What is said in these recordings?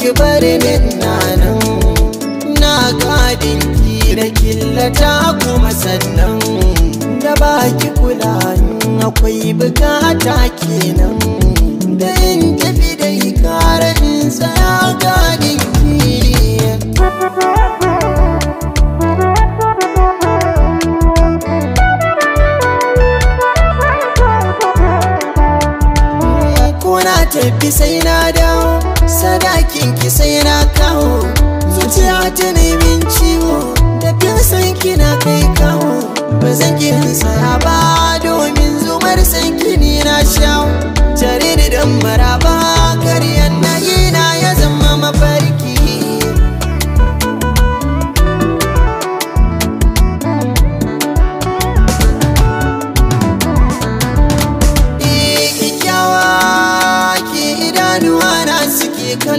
ki bari min nan na gadin ki da killata kuma sannan da baki kula akwai bukata kenan da in tafi dai karin sa gadin ki tafi sai na dawo sadakin ki sai na kawo zuciya ta ciwo da san ki na kai kawo ba zan ki ba domin zumar sankini ni na shawo tare da maraba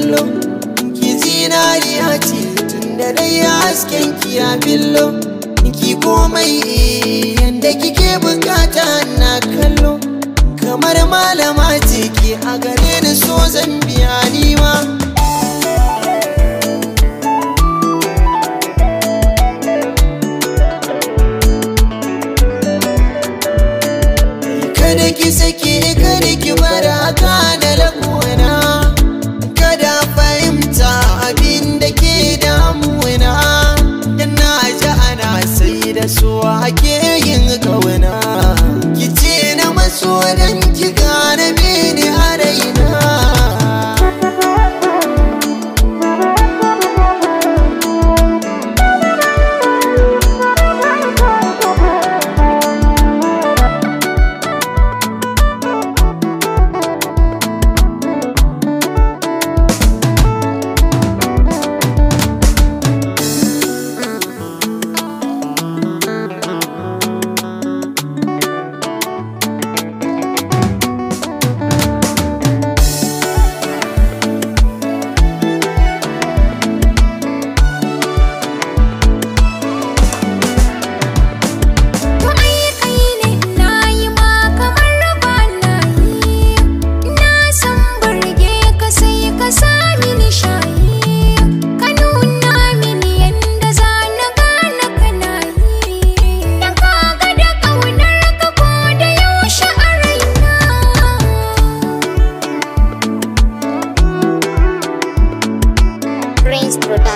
kullum ki zinariya ce Tunda dai hasken ki ya billo ki komai yanda kike bukata na kallo kamar malama ce ki a gare ni so zan biya ni ma kada ki saki kada ki bara kan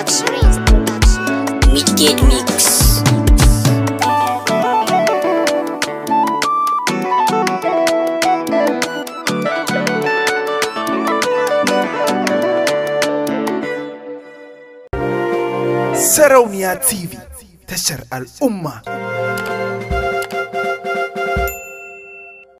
Production Midgate Mix Sarauniya TV, tashar al'umma.